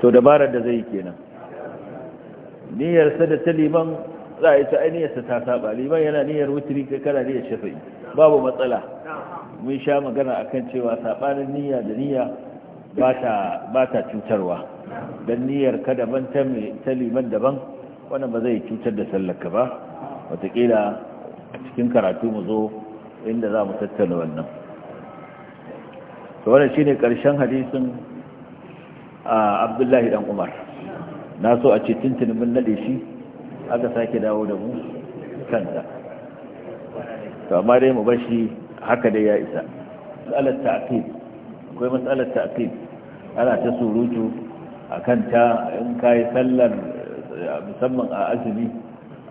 to dabarar da zai kenan Niyarsa da ta liman za a yi ta ainihinsa ta saba liman yana niyyar wuturi ka kana niyyar shafi babu matsala mun sha magana akan cewa sabanin niyya da niyya ba ta cutarwa don niyyar ka daban ta liman daban wannan ba zai cutar da sallaka ba watakila cikin karatu mu zo inda za mu tattala wannan to wannan shine karshen hadisin abdullahi dan umar na so a ce tuntuni mun nade shi aka sake dawo da mu kanta to amma dai mu bar shi haka dai ya isa matsalar ta'qib akwai matsalar ta'qib ana ta surutu akan ta in kai sallar eh, musamman a azumi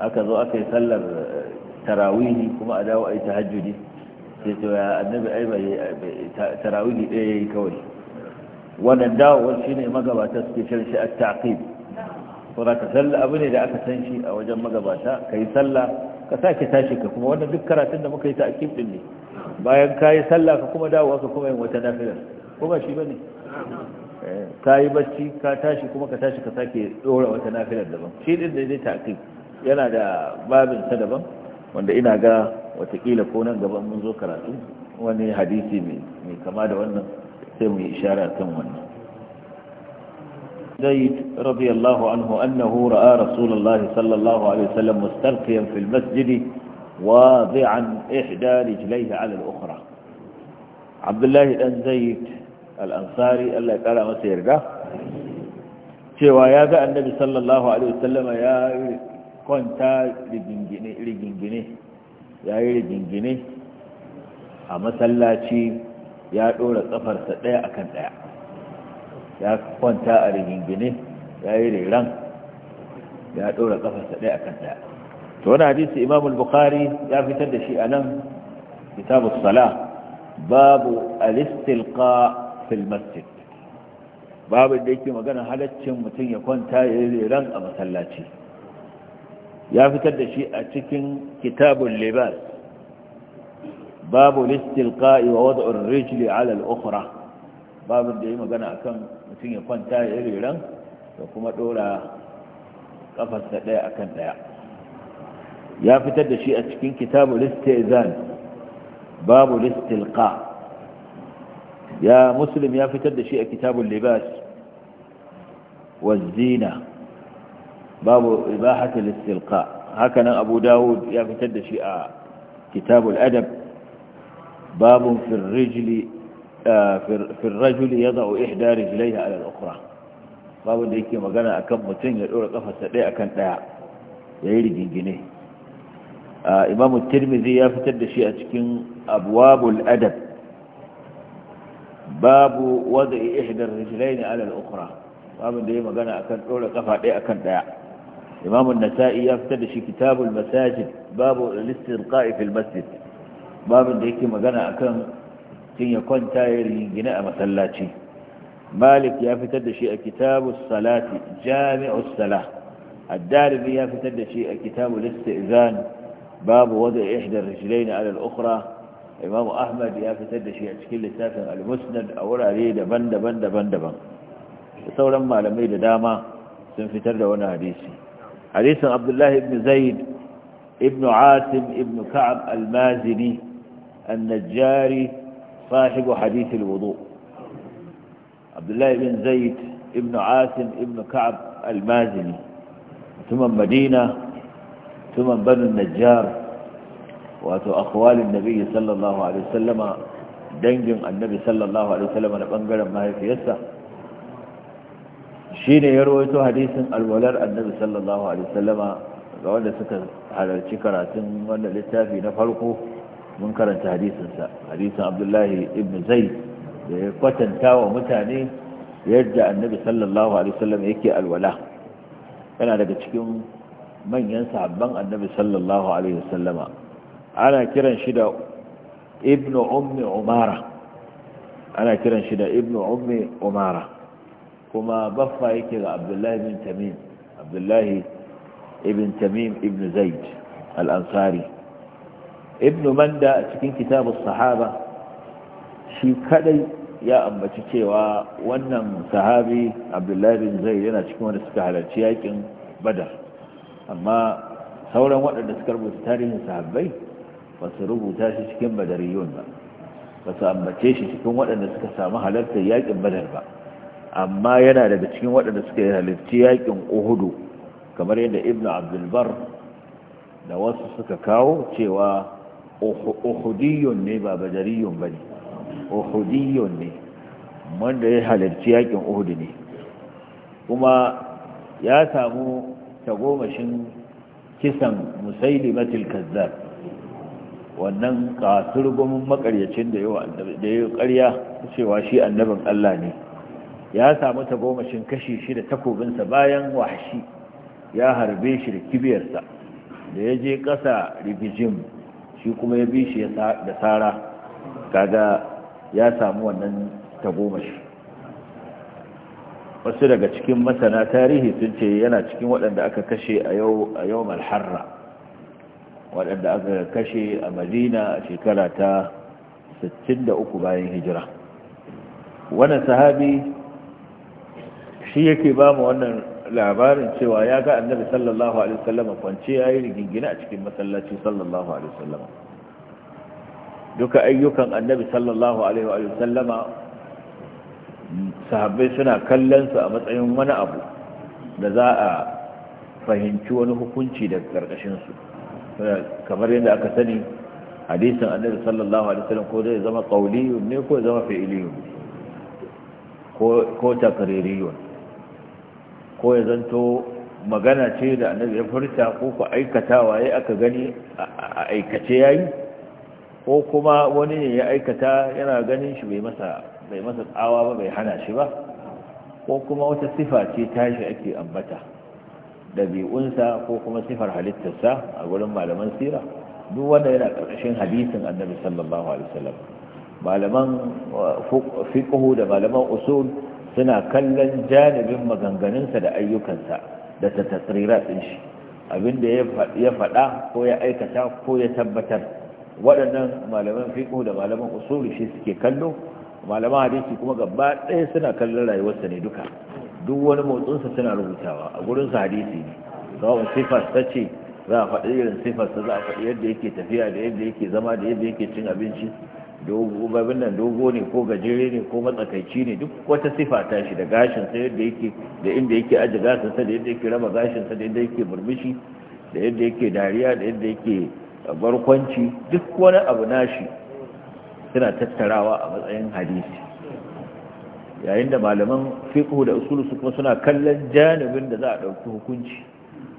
aka zo aka yi sallar eh, tarawihi kuma a dawo a yi tahajjudi sai to ya annabi ai bai tarawihi ɗaya yayi kawai wannan dawowar shi ne magabata suke shirin shi a taƙib kuma ka salla abu ne da aka san shi a wajen magabata ka yi salla ka sake tashi ka kuma wannan duk karatun da muka yi ta akim din ne bayan ka yi salla ka kuma dawowa ka kuma yin wata nafilar kuma shi ba ne, eh, ka yi bacci ka tashi kuma ka tashi ka sake dora wata nafilar daban shi din da zai taƙib yana da babin sa daban wanda ina ga watakila ko nan gaban mun zo karatu wani hadisi mai kama da wannan sai mu ishara kan wannan زيد رضي الله عنه أنه رأى رسول الله صلى الله عليه وسلم مستلقيا في المسجد واضعا إحدى رجليه على الأخرى عبد الله بن زيد الأنصاري الله تعالى ما سيرجع cewa ya ga annabi sallallahu alaihi wasallama ya kwanta rigingine ya yi rigingine a masallaci ya ɗora ƙafarsa ɗaya a kan ɗaya ya kwanta a rigingine ya yi riran ya ɗora ƙafarsa ɗaya a kan ɗaya to wani hadisi imam al-bukhari ya fitar da shi a nan kitabu sala babu alistilqa fil masjid babu da yake magana halaccin mutum ya kwanta ya yi riran a masallaci ya fitar da shi a cikin kitabun libas babu listilqa'i wa wad'u ar-rijli 'ala al-ukhra babu da yi magana akan mutum ya kwanta ya riran da kuma dora kafarsa daya akan daya ya fitar da shi a cikin kitabul istizan babu listilqa ya muslim ya fitar da shi a kitabul libas wazina babu ibahatul istilqa hakanan abu dawud ya fitar da shi a kitabul adab باب في الرجل في الرجل يضع إحدى رجليه على الأخرى باب da yake magana akan mutum ya dora kafarsa ɗaya akan ɗaya yayi rigingine Imam Tirmidhi ya fitar da shi a cikin Abwabul Adab babu wada'i ihdar rijlayn ala al babu da yake magana akan dora kafa ɗaya akan ɗaya Imam An-Nasa'i ya fitar da shi Kitabul Masajid babu al-istinqa'i babin da yake magana akan kan ya kwanta ya rigina a masallaci malik ya fitar da shi a kitabu salati jami'u sala addalibi ya fitar da shi a kitabu listizan babu wadda ihdar rijlaini ala al-ukhra imamu ahmad ya fitar da shi a cikin littafin al-musnad a wurare daban-daban daban-daban da sauran malamai da dama sun fitar da wani hadisi hadisin abdullahi ibn zaid ibn asim ibn ka'ab al-mazini النجاري صاحب حديث الوضوء عبد الله بن زيد ابن عاصم ابن كعب المازني ثم مدينة ثم بنو النجار واتو أخوال النبي صلى الله عليه وسلم دنجن النبي صلى الله عليه وسلم نبنقل ما هي في يسا شين يرويتو حديث الولر النبي صلى الله عليه وسلم قولنا سكر على الشكرات من الاتافي نفرقه mun karanta hadisinsa hadisin abdullahi ibn zaid da ya kwatanta wa mutane yadda annabi sallallahu alaihi wasallam yake alwala yana daga cikin manyan sahabban annabi sallallahu alaihi wasallama ana kiran shi da Ibn ummi umara ana kiran shi da ibnu ummi umara kuma baffa yake ga abdullahi ibn tamim abdullahi ibn tamim ibn zaid al-ansari ibnu manda a cikin kitabus sahaba shi kadai ya ambaci cewa wannan sahabi abdullahi bin zai yana cikin wanda suka halarci yakin badar amma sauran waɗanda suka rubuta tarihin sahabbai ba su rubuta shi cikin badariyun ba ba su ambace shi cikin waɗanda suka samu halartar yakin badar ba amma yana daga cikin waɗanda suka halarci yakin uhudu kamar yadda ibnu abdulbar da wasu suka kawo cewa uhudiyun ne ba bajariyun ba ne uhudiyun ne wanda ya halarci yakin uhudu ne kuma ya samu tagomashin kisan musaili matil kazzar wannan gomin makaryacin da ya yi karya cewa shi annabin Allah ne ya samu tagomashin kashi shi da takobinsa bayan wahashi ya harbe shi da kibiyarsa da ya je ƙasa rigijin shi kuma ya bi shi da tsara kaga ya samu wannan tagomashi wasu daga cikin masana tarihi sun ce yana cikin waɗanda aka kashe a yau malharra waɗanda aka kashe a madina a shekara ta 63 bayan hijira wannan sahabi shi yake ba mu wannan labarin cewa ya ga annabi sallallahu alaihi wasallam kwance yayi rigingina a cikin masallaci sallallahu alaihi wasallam duka ayyukan annabi sallallahu alaihi wasallam sahabbai suna kallon su a matsayin wani abu da za a fahimci wani hukunci daga karkashin su kamar yadda aka sani hadisin annabi sallallahu alaihi wasallam ko zai zama qauliyun ne ko zama fi'liyun ko takrariyun ko ya zanto magana ce da annabi ya furta ko ku aikatawa ya aka gani a aikace yayi ko kuma wani ne ya aikata yana ganin shi bai masa bai masa tsawa ba bai hana shi ba ko kuma wata sifa ce tashi ake ambata dabi'unsa ko kuma sifar halittarsa a gurin malaman sira duk wanda yana karkashin hadisin annabi sallallahu alaihi wasallam malaman uh, fiqhu da malaman usul suna kallon janibin maganganunsa da ayyukansa da ta tasirira ɗin shi abinda ya faɗa ko ya aikata ko ya tabbatar waɗannan malaman fiƙo da malaman usuli shi suke kallo malaman hadisi kuma gaba ɗaya suna kallon rayuwarsa ne duka duk wani motsinsa suna rubutawa a sa hadisi ne sawa'un sifas ta ce za a faɗi irin sifas ta za a faɗi yadda yake tafiya da yadda yake zama da yadda yake cin abinci dogo babin nan dogo ne ko gajere ne ko matsakaici ne duk wata sifa ta shi da gashin sa yadda yake da inda yake aji gashin da yadda yake raba gashin sa da yadda yake murmushi da yadda yake dariya da yadda yake barkwanci duk wani abu nashi suna tattarawa a matsayin hadisi yayin da malaman fiqh da usul su kuma suna kallon janibin da za a dauki hukunci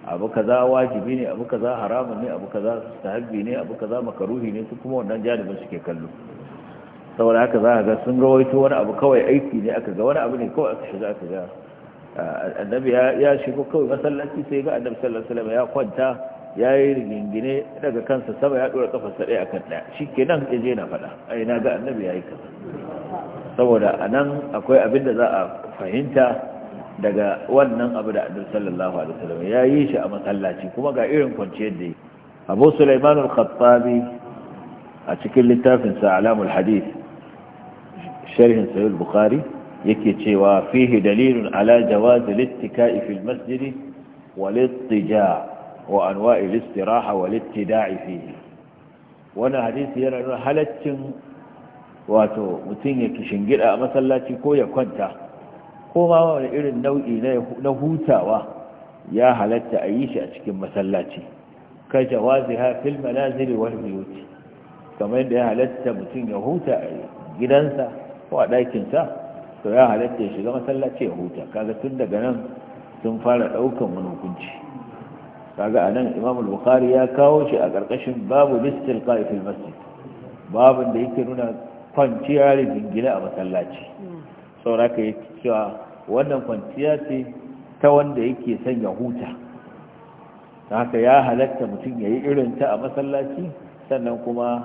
abu kaza wajibi ne abu kaza haramun ne abu kaza sahabbi ne abu kaza makaruhi ne su kuma wannan janibin suke kallo saboda haka za a ga sun rawaito wani abu kawai aiki ne aka ga wani abu ne kawai aka shiga aka ga annabi ya shigo kawai masallaci sai ga annabi sallallahu alaihi wasallam ya kwanta ya yi rigingine daga kansa sama ya dora kafarsa ɗaya akan ɗaya shikenan ya je na faɗa ai na ga annabi ya yi kaza saboda anan akwai abin da za a fahimta daga wannan abu da annabi sallallahu alaihi wasallam ya yi shi a masallaci kuma ga irin kwanciyar da yi abu sulaiman al-khattabi a cikin littafin sa alamul hadith sharhin sahih bukhari yake cewa fihi dalilun ala jawaz al-ittika'i fil masjid wal ittija wa anwa'i al-istiraha wal ittida'i fihi wannan hadisi yana nuna halaccin wato mutum ya kishingida a masallaci ko ya kwanta koma wani irin nau'i na hutawa ya halatta a yi shi a cikin masallaci ka jawazi ha fil manazili wal kamar yadda ya halatta mutum ya huta a gidansa ko a ɗakinsa to ya halatta ya shiga masallaci ya huta kaga tun daga nan sun fara ɗaukan wani hukunci kaga a nan imam bukari ya kawo shi a ƙarƙashin babu listil fil masjid babin da yake nuna kwanciya rigingina a masallaci hmm. sauraka yi cewa wannan kwanciya ce ta wanda yake son ya huta haka ya halatta mutum ya yi irin ta a masallaci sannan kuma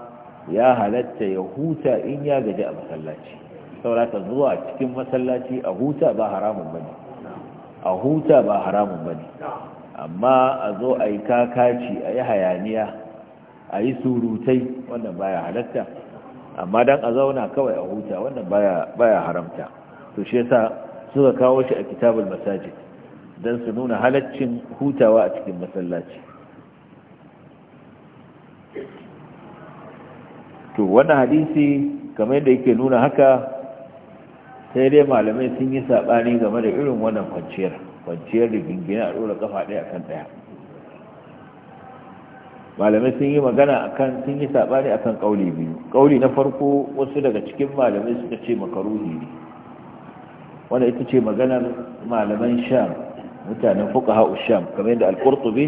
ya halatta ya huta in ya gaji a masallaci sauraka zuwa cikin masallaci a huta ba haramun bane a huta ba haramun bane amma a zo a yi kakaci a yi hayaniya a yi surutai wannan baya halatta amma don a zauna kawai a huta wannan baya haramta to shi yasa suka kawo shi a kitabul masajid don su nuna halaccin hutawa a cikin masallaci to wannan hadisi kamar yadda yake nuna haka sai dai malamai sun yi saɓani game da irin wannan kwanciyar kwanciyar gingina a ɗora kafa ɗaya akan ɗaya malamai sun yi magana akan sun yi saɓani akan ƙauli biyu ƙauli na farko wasu daga cikin malamai suka ce makaruhi ne wanda ita ce maganar malaman sham mutanen fuqaha sham kamar yadda al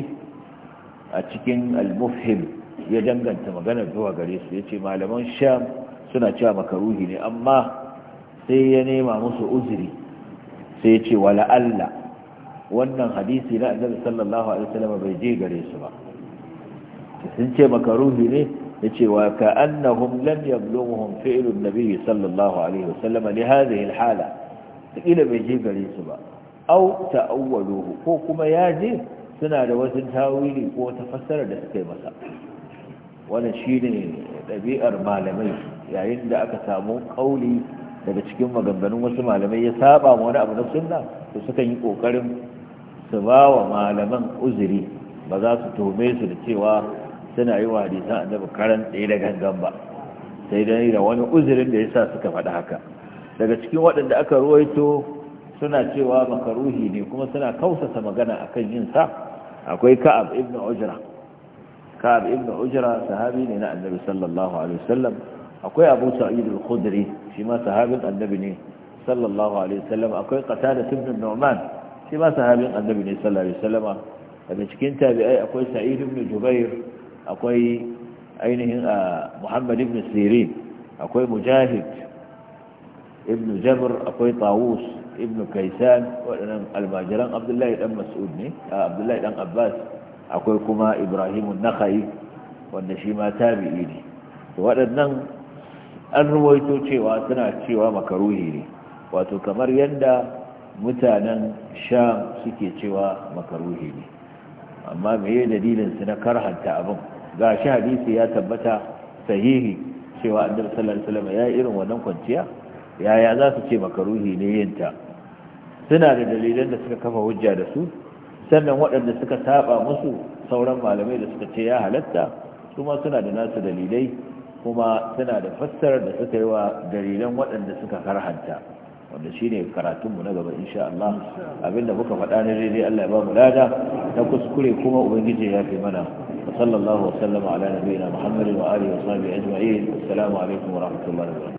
a cikin almufhim ya danganta maganar zuwa gare su yace malaman sham suna cewa makaruhi ne amma sai ya nema musu uzuri sai ya ce wala Allah wannan hadisi na annabi sallallahu alaihi wasallam bai je gare su ba sun ce makaruhi ne yace wa ka'annahum lam yablughuhum fi'lu an-nabi sallallahu alaihi wasallam li hadhihi al-hala kila bai je gare su ba au ta'awwaluhu ko kuma ya suna da wasu tawili ko ta fassara da suka yi masa wannan shine ɗabi'ar malamai yayin da aka samu kauli daga cikin maganganun wasu malamai ya saba ma wani abu na sunna to sukan yi kokarin su ba wa malaman uzuri ba za su tome su da cewa suna yi wa hadisan annabi karan ɗaya da gangan ba sai dai da wani uzurin da ya sa suka faɗi haka daga cikin waɗanda aka ruwaito suna cewa makaruhi ne kuma suna kausasa magana akan yin sa akwai ka'ab ibn ujra ka'ab ibn ujra sahabi ne na annabi sallallahu alaihi wasallam akwai abu sa'id al-khudri shi ma sahabin annabi ne sallallahu alaihi wasallam akwai qatada ibn nu'man shi ma sahabin annabi ne sallallahu alaihi wasallam daga cikin tabi'ai akwai sa'id ibn jubair akwai ainihin ah, muhammad ibn sirin akwai mujahid ibn jabr akwai tawus ibn kaisan waɗannan almajiran abdullahi dan mas'ud ne abdullahi dan abbas akwai kuma ibrahim nakhai wanda shi ma tabi'i ne to waɗannan an ruwaito cewa suna cewa makaruhi ne wato kamar yadda mutanen sham suke cewa makaruhi ne amma meye dalilin su na karhanta abin ga shi hadisi ya tabbata sahihi cewa annabi sallallahu alaihi wasallam ya irin wannan kwanciya yaya za su ce makaruhi ne yinta suna da dalilan da suka kafa hujja da su sannan waɗanda suka taɓa musu sauran malamai da suka ce ya halatta su ma suna da nasu dalilai kuma suna da fassarar da suka yi wa dalilan waɗanda suka karhanta wanda shi ne karatunmu na gaba insha Allah abinda muka faɗa na daidai Allah ya ba mu lada ta kuskure kuma ubangiji ya fi mana wa sallallahu wa sallama ala nabiyina muhammadin wa alihi wa sahbihi ajma'in assalamu alaikum wa rahmatullahi wa